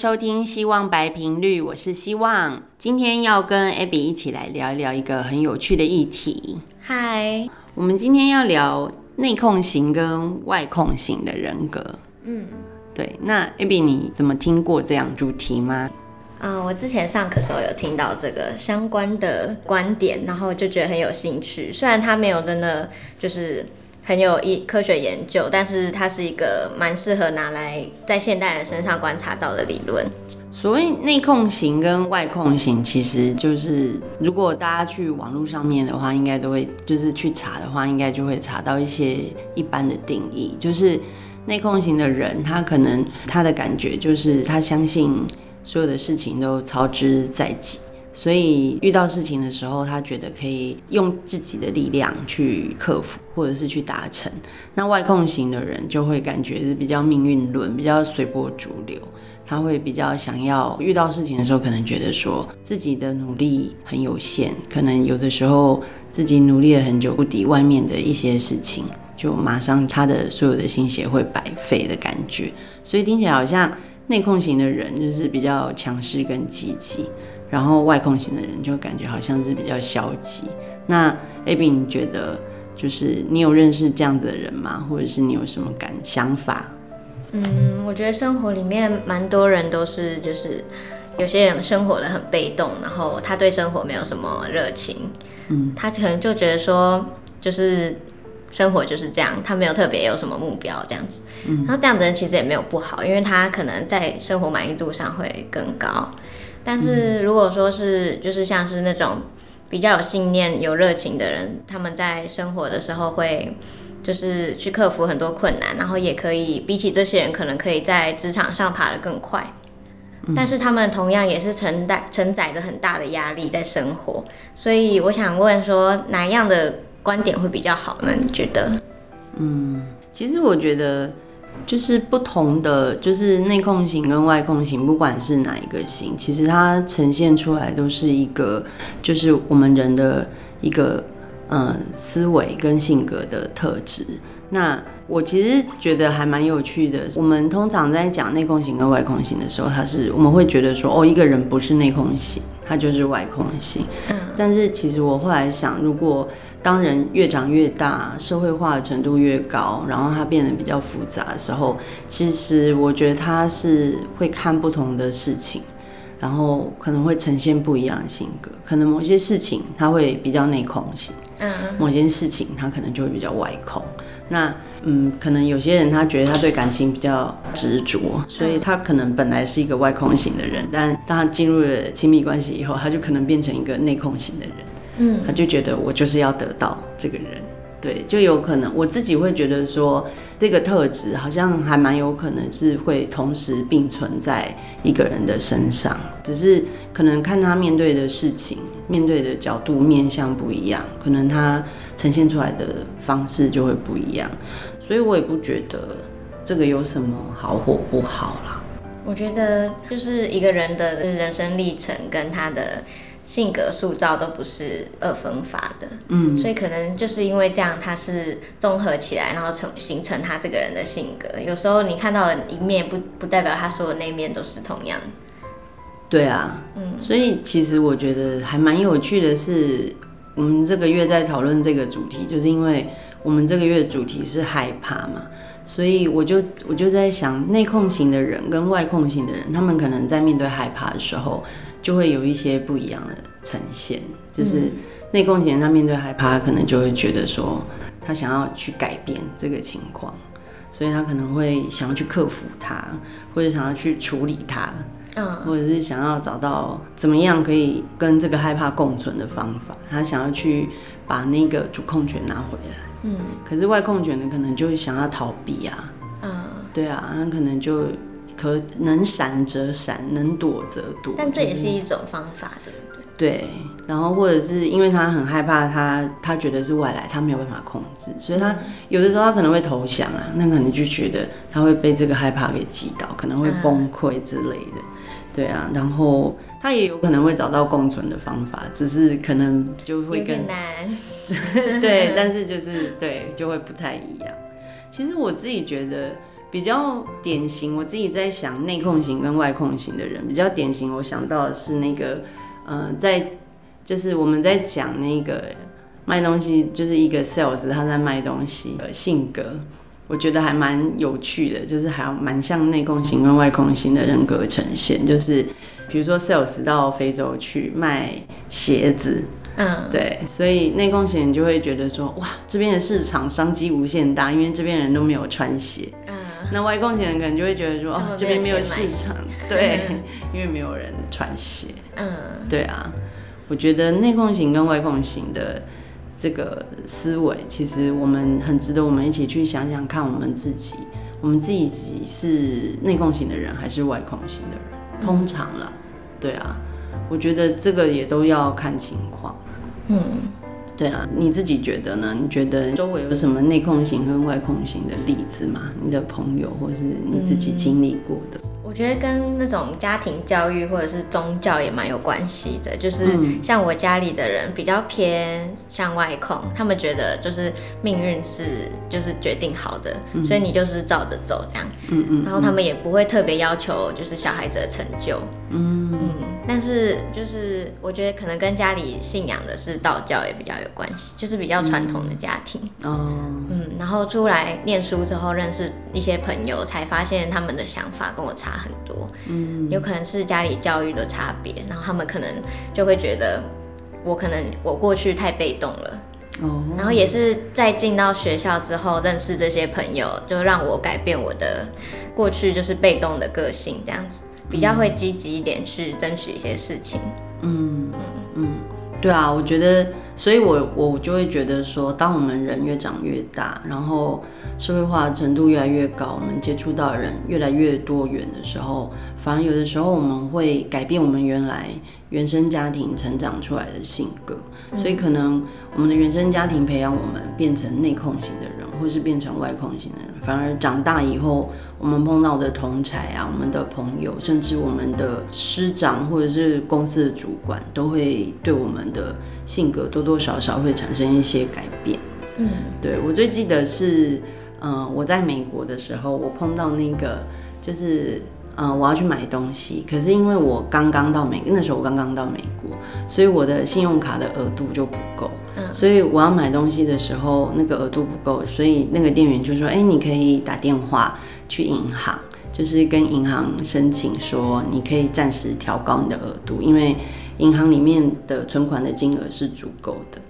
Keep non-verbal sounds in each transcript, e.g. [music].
收聽希望白頻率，我是希望。今天要跟 Abby 一起來聊一聊一個很有趣的議題。嗨 Hi，我們今天要聊內控型跟外控型的人格。嗯，對。那 Abby，你怎麼聽過這樣主題嗎？嗯，uh, 我之前上課的時候有聽到這個相關的觀點，然後就覺得很有興趣。雖然他沒有真的就是。很有一科學研究，但是它是一個蠻適合拿來在現代人身上觀察到的理論。所以內控型跟外控型，其實就是如果大家去網絡上面的話，應該都會就是去查的話，應該就會查到一些一般的定義。就是內控型的人，他可能他的感覺就是他相信所有的事情都操之在己。所以遇到事情的時候，他覺得可以用自己的力量去克服，或者是去達成。那外控型的人就會感覺是比較命運論，比較隨波逐流。他會比較想要遇到事情的時候，可能覺得說自己的努力很有限，可能有的時候自己努力了很久，不敵外面的一些事情，就馬上他的所有的心血會白費的感覺。所以聽起來好像內控型的人就是比較強勢跟積極。然後外控型的人就感覺好像是比較消極。那 Abby，你覺得就是你有認識這樣子的人嗎？或者是你有什麼感想法？嗯，我覺得生活裡面蠻多人都是，就是有些人生活的很被動，然後他對生活沒有什麼熱情。嗯，他可能就覺得說，就是生活就是這樣，他沒有特別有什麼目標這樣子。嗯，然後這樣的人其實也沒有不好，因為他可能在生活滿意度上會更高。但是如果說是就是像是那種比較有信念、有熱情的人，他們在生活的時候會就是去克服很多困難，然後也可以比起這些人，可能可以在職場上爬得更快。但是他們同樣也是承擔承載着很大的壓力在生活，所以我想問說哪樣的觀點會比較好呢？你覺得？嗯，其實我覺得。就是不同的，就是內控型跟外控型，不管是哪一個型，其實它呈現出來都是一個，就是我們人的一個，嗯，呃，思維跟性格的特質。那我其實覺得還蠻有趣的。我們通常在講內控型跟外控型的時候，它是我們會覺得說，哦，一個人不是內控型，他就是外控型。嗯。但是其實我後來想，如果當人越長越大，社會化的程度越高，然後他變得比較複雜的時候，其實我覺得他是會看不同的事情，然後可能會呈現不一樣的性格。可能某些事情他會比較內控型，嗯，某些事情他可能就會比較外控。那嗯，可能有些人他覺得他對感情比較執着，所以他可能本來是一個外控型的人，但當他進入了親密關係以後，他就可能變成一個內控型的人。嗯，他就覺得我就是要得到這個人，對，就有可能我自己會覺得說，這個特質好像還蠻有可能是會同時並存在一個人的身上，只是可能看他面對的事情、面對的角度、面相不一樣，可能他呈現出來的方式就會不一樣，所以我也不覺得這個有什麼好或不好啦。我覺得就是一個人的人生歷程跟他的。性格塑造都不是二分法的，嗯，所以可能就是因為這樣，他是綜合起來，然後成形成他這個人的性格。有時候你看到的一面不不代表他說的那一面都是同樣。對啊，嗯，所以其實我覺得還蠻有趣的是，我們這個月在討論這個主題，就是因為我們這個月主題是害怕嘛，所以我就我就在想，內控型的人跟外控型的人，他們可能在面對害怕的時候。就會有一些不一樣的呈現，就是內控型，他面對害怕，可能就會覺得說，他想要去改變這個情況，所以他可能會想要去克服它，或者想要去處理它，嗯，或者是想要找到怎麼樣可以跟這個害怕共存的方法，他想要去把那個主控權拿回來，嗯，可是外控觀呢，可能就是想要逃避啊，嗯，對啊，他可能就。可能閃則閃，能躲則躲。但這也是一種方法，對不對？對，然後或者是因為他很害怕他，他他覺得是外來，他沒有辦法控制，所以他有的時候他可能會投降啊。那可能就覺得他會被這個害怕給擊倒，可能會崩潰之類的。嗯、對啊，然後他也有可能會找到共存的方法，只是可能就會更難。 [laughs] 對，但是就是、嗯、對，就會不太一樣。其實我自己覺得。比較典型，我自己在想內控型跟外控型的人比較典型，我想到的是那個，呃，在就是我們在講那個賣東西，就是一個 sales 他在賣東西的、呃、性格，我覺得還蠻有趣的，就是還蠻像內控型跟外控型的人格呈現，就是比如說 sales 到非洲去賣鞋子，嗯，對，所以內控型你就會覺得說哇，這邊的市場商機無限大，因為這邊人都沒有穿鞋，嗯。那外控型的人可能就會覺得說，嗯、哦，這邊沒有市場，對，嗯、因為沒有人穿鞋，嗯，對啊，我覺得內控型跟外控型的這個思維，其實我們很值得我們一起去想想看，我們自己，我們自己，自己是內控型的人還是外控型的人，通常啦，對啊，我覺得這個也都要看情況，嗯。對啊，你自己覺得呢？你覺得周圍有什麼內控型跟外控型的例子嗎？你的朋友，或是你自己經歷過的？嗯我覺得跟那種家庭教育或者是宗教也蠻有關係的，就是像我家裡的人比較偏向外控，他們覺得就是命運是就是決定好的，所以你就是照着走這樣。嗯嗯。然後他們也不會特別要求就是小孩子的成就。嗯，但是就是我覺得可能跟家裡信仰的是道教也比較有關係，就是比較傳統的家庭。哦。嗯。然後出來念書之後，認識一些朋友，才發現他們的想法跟我差很多。嗯，有可能是家裡教育的差別，然後他們可能就會覺得我可能我過去太被動了。哦，然後也是在進到學校之後認識這些朋友，就讓我改變我的過去，就是被動的個性，這樣子比較會積極一點去爭取一些事情。嗯嗯嗯。嗯嗯對啊，我覺得，所以我我就會覺得說，當我們人越長越大，然後社會化程度越來越高，我們接觸到的人越來越多元的時候，反而有的時候我們會改變我們原來原生家庭成長出來的性格，嗯、所以可能我們的原生家庭培養我們變成內控型的人，或是變成外控型的人。反而長大以後，我們碰到的同儕啊，我們的朋友，甚至我們的師長或者是公司的主管，都會對我們的性格多多少少會產生一些改變。嗯，對，我最記得是，嗯、呃，我在美國的時候，我碰到那個就是，嗯、呃，我要去買東西，可是因為我剛剛到美，那時候我剛剛到美國，所以我的信用卡的額度就不夠。所以我要買東西的時候，那個額度不夠，所以那個店員就說：“哎、欸，你可以打電話去銀行，就是跟銀行申請說，你可以暫時調高你的額度，因為銀行裡面的存款的金額是足夠的。”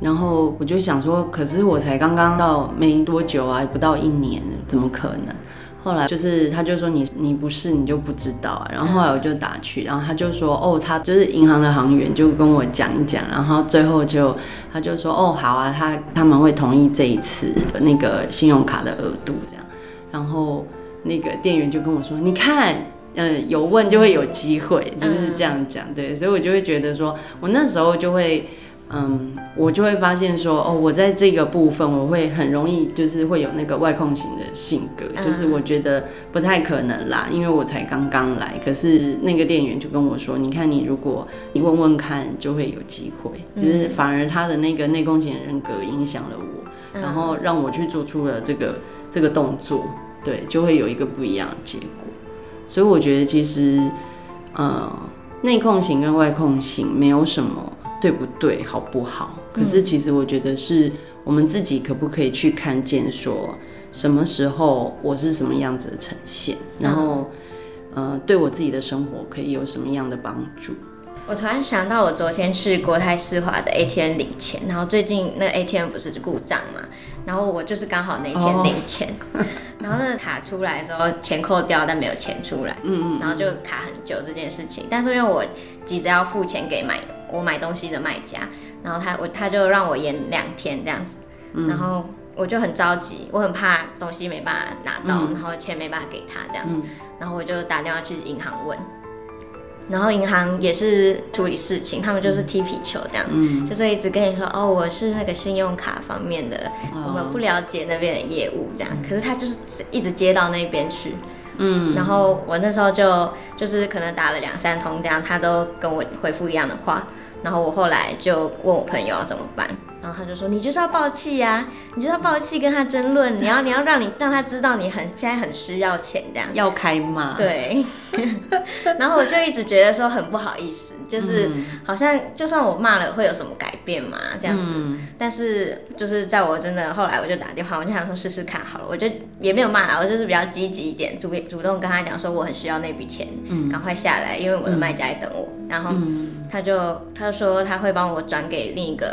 然後我就想說：“可是我才剛剛到沒多久啊，不到一年，怎麼可能？”後來就是他就說你你不試你就不知道啊，然後後來我就打去，然後他就說哦，他就是銀行的行員就跟我講一講，然後最後就他就說哦好啊，他他們會同意這一次那個信用卡的額度這樣，然後那個店員就跟我說你看，嗯，呃，有問就會有機會就是這樣講對，所以我就會覺得說我那時候就會。嗯，um, 我就會發現說，哦，我在這個部分，我會很容易就是會有那個外控型的性格，嗯、就是我覺得不太可能啦，因為我才剛剛來，可是那個店員就跟我說，你看你如果你問問看，就會有機會，嗯、就是反而他的那個內控型人格影響了我，嗯、然後讓我去做出了這個這個動作，對，就會有一個不一樣的結果，所以我覺得其實，嗯，內控型跟外控型沒有什麼。對不對？好不好？可是其實我覺得是我們自己可不可以去看見說，什麼時候我是什麼樣子的呈現，然後，嗯、呃，對我自己的生活可以有什麼樣的幫助？我突然想到，我昨天去國泰世華的 ATM 領錢，然後最近那個 ATM 不是故障嘛？然後我就是剛好那天領錢，哦、 [laughs] 然後那個卡出來之後錢扣掉，但沒有錢出來，嗯嗯，然後就卡很久這件事情。嗯、但是因為我急着要付錢給買。我買東西的賣家，然後他我他就讓我延兩天這樣子，然後我就很着急，我很怕東西沒辦法拿到，嗯、然後錢沒辦法給他這樣子，嗯、然後我就打電話去銀行問，然後銀行也是處理事情，他們就是踢皮球這樣，嗯、就是一直跟你說哦，我是那個信用卡方面的，我們不了解那邊的業務這樣，哦、可是他就是一直接到那邊去，嗯，然後我那時候就就是可能打了兩三通這樣，他都跟我回覆一樣的話。然後我後來就問我朋友要怎麼辦。然後他就說：“你就是要爆氣呀，啊，你就是要爆氣跟他爭論，你要你要讓你讓他知道你很現在很需要錢這樣。”要開罵？對。 [laughs] 然後我就一直覺得說很不好意思，就是好像就算我罵了會有什麼改變嘛這樣子。嗯、但是就是在我真的後來我就打電話，我就想說試試看好了，我就也沒有罵了，我就是比較積極一點，主主動跟他講說我很需要那筆錢，嗯、趕快下來，因為我的賣家在等我。嗯、然後他就他說他會幫我轉給另一個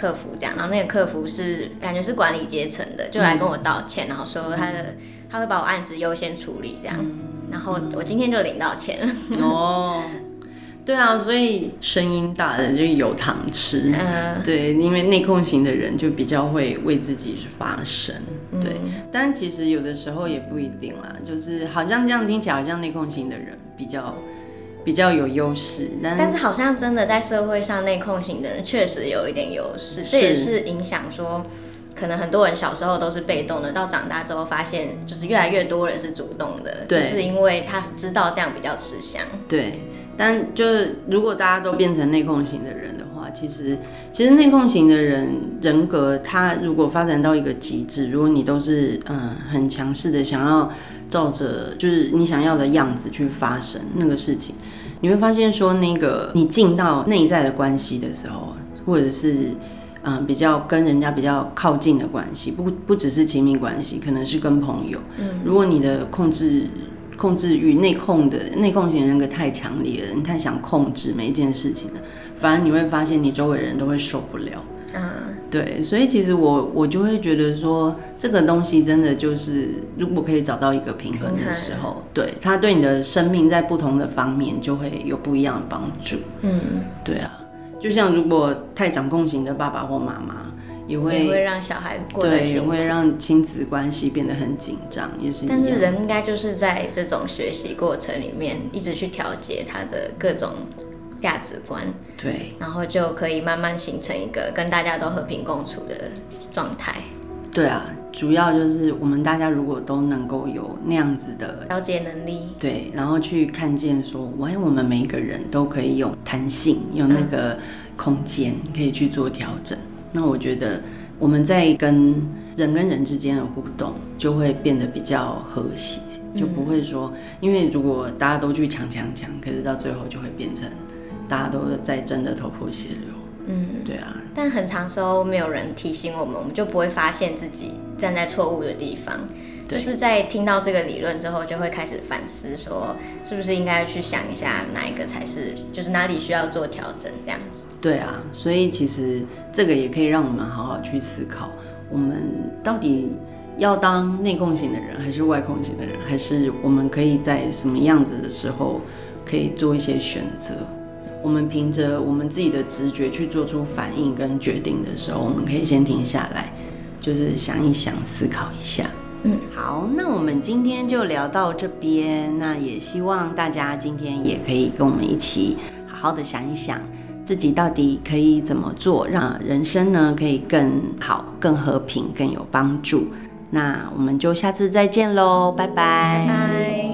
客服這樣，然後那個客服是感覺是管理階層的，就來跟我道歉，嗯、然後說他的、嗯、他會把我案子優先處理這樣，嗯、然後我今天就領到錢。哦，對啊，所以聲音大的就是有糖吃，嗯、對，因為內控型的人就比較會為自己發聲，嗯、對。但其實有的時候也不一定啦，就是好像這樣聽起來好像內控型的人比較。比較有優勢，但，但是好像真的在社會上內控型的人確實有一點優勢，是，這也是影響說，可能很多人小時候都是被動的，到長大之後發現就是越來越多人是主動的，對，就是因為他知道這樣比較吃香。對，但就是如果大家都變成內控型的人的話，其實其實內控型的人人格他如果發展到一個極致，如果你都是嗯很強勢的，想要照着就是你想要的樣子去發生那個事情。你會發現說那個你進到內在的關係的時候，或者是，嗯、呃，比較跟人家比較靠近的關係，不不只是親密關係，可能是跟朋友。嗯，如果你的控制控制慾、內控的內控型人格太強烈了，你太想控制每一件事情了，反而你會發現你周圍的人都會受不了。嗯，uh, 對，所以其實我我就會覺得說，這個東西真的就是，如果可以找到一個平衡的時候，平衡。對，它對你的生命在不同的方面就會有不一樣的幫助。嗯，對啊，就像如果太掌控型的爸爸或媽媽也會，也會讓小孩過得辛苦，對，也會讓親子關係變得很緊張，也是。但是人應該就是在這種學習過程裡面，一直去調節他的各種。價值觀，對，然後就可以慢慢形成一個跟大家都和平共處的狀態。對啊，主要就是我們大家如果都能夠有那樣子的調節能力，對，然後去看見說，哎，我們每一個人都可以有彈性，有那個空間可以去做調整。嗯、那我覺得我們在跟人跟人之間的互動就會變得比較和諧，就不會說，嗯、因為如果大家都去搶搶搶，可是到最後就會變成。大家都在爭得頭破血流，嗯，對啊，但很長時候沒有人提醒我們，我們就不會發現自己站在錯誤的地方。對就是在聽到這個理論之後，就會開始反思，說是不是應該去想一下哪一個才是，就是哪裡需要做調整這樣子。對啊，所以其實這個也可以讓我們好好去思考，我們到底要當內控型的人，還是外控型的人，還是我們可以在什麼樣子的時候可以做一些選擇。我們憑着我們自己的直覺去做出反應跟決定的時候，我們可以先停下來，就是想一想，思考一下。嗯，好，那我們今天就聊到這邊，那也希望大家今天也可以跟我們一起好好的想一想，自己到底可以怎麼做，讓人生呢可以更好、更和平、更有幫助。那我們就下次再見嘍，拜拜。拜拜。